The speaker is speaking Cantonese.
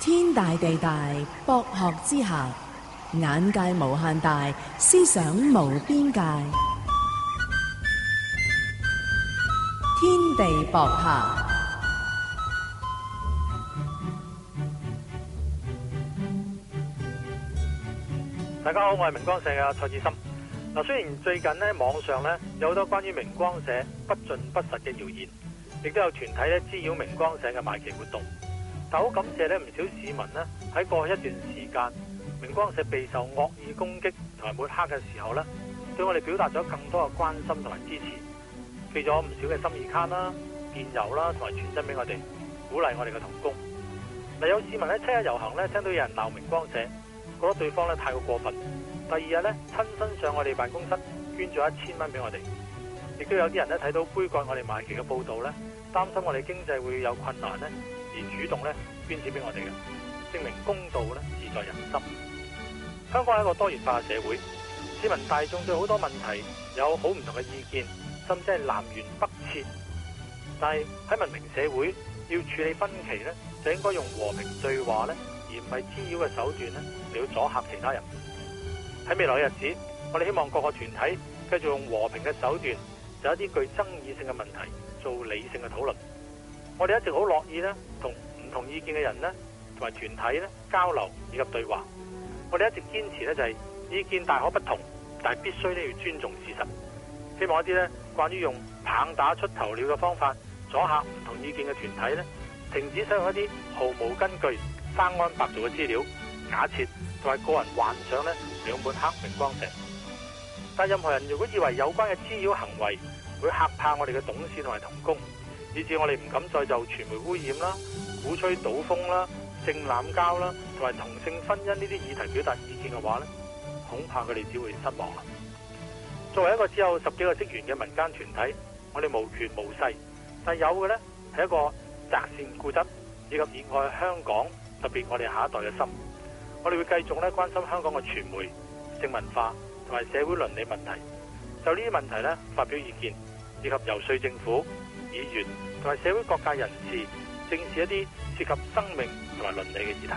天大地大，博學之下，眼界無限大，思想無邊界。天地博客。大家好，我係明光社嘅蔡志森。嗱，雖然最近咧網上有好多關於明光社不盡不實嘅謠言，亦都有團體咧滋擾明光社嘅賣旗活動。就好感謝咧，唔少市民呢，喺過去一段時間，明光社備受惡意攻擊同埋抹黑嘅時候呢，對我哋表達咗更多嘅關心同埋支持，寄咗唔少嘅心意卡啦、電郵啦同埋傳真俾我哋，鼓勵我哋嘅同工。嗱，有市民喺七一遊行呢，聽到有人鬧明光社，覺得對方呢太過過分。第二日呢，親身上我哋辦公室捐咗一千蚊俾我哋。亦都有啲人呢睇到杯葛我哋賣旗嘅報道呢，擔心我哋經濟會有困難呢。而主動咧捐錢俾我哋嘅，證明公道咧自在人心。香港係一個多元化嘅社會，市民大眾對好多問題有好唔同嘅意見，甚至係南轅北轍。但係喺文明社會，要處理分歧咧，就應該用和平對話咧，而唔係滋擾嘅手段咧嚟到阻嚇其他人。喺未來嘅日子，我哋希望各個團體繼續用和平嘅手段，就一啲具爭議性嘅問題做理性嘅討論。我哋一直好樂意咧，同唔同意見嘅人咧，同埋團體咧交流以及對話。我哋一直堅持咧就係、是、意見大可不同，但係必須咧要尊重事實。希望一啲咧關於用棒打出頭鳥嘅方法阻嚇唔同意見嘅團體咧，停止使用一啲毫無根據、生安白做嘅資料、假設同埋個人幻想咧兩本黑明光社。但任何人如果以為有關嘅滋擾行為會嚇怕我哋嘅董事同埋同工，以至我哋唔敢再就傳媒污染啦、鼓吹賭風啦、性濫交啦，同埋同性婚姻呢啲議題表達意見嘅話咧，恐怕佢哋只會失望啦。作為一個只有十幾個職員嘅民間團體，我哋無權無勢，但係有嘅咧係一個擇善固執以及熱愛香港，特別我哋下一代嘅心。我哋會繼續咧關心香港嘅傳媒、性文化同埋社會倫理問題，就呢啲問題咧發表意見以及遊說政府，議員同埋社會各界人士，正視一啲涉及生命同埋倫理嘅議題。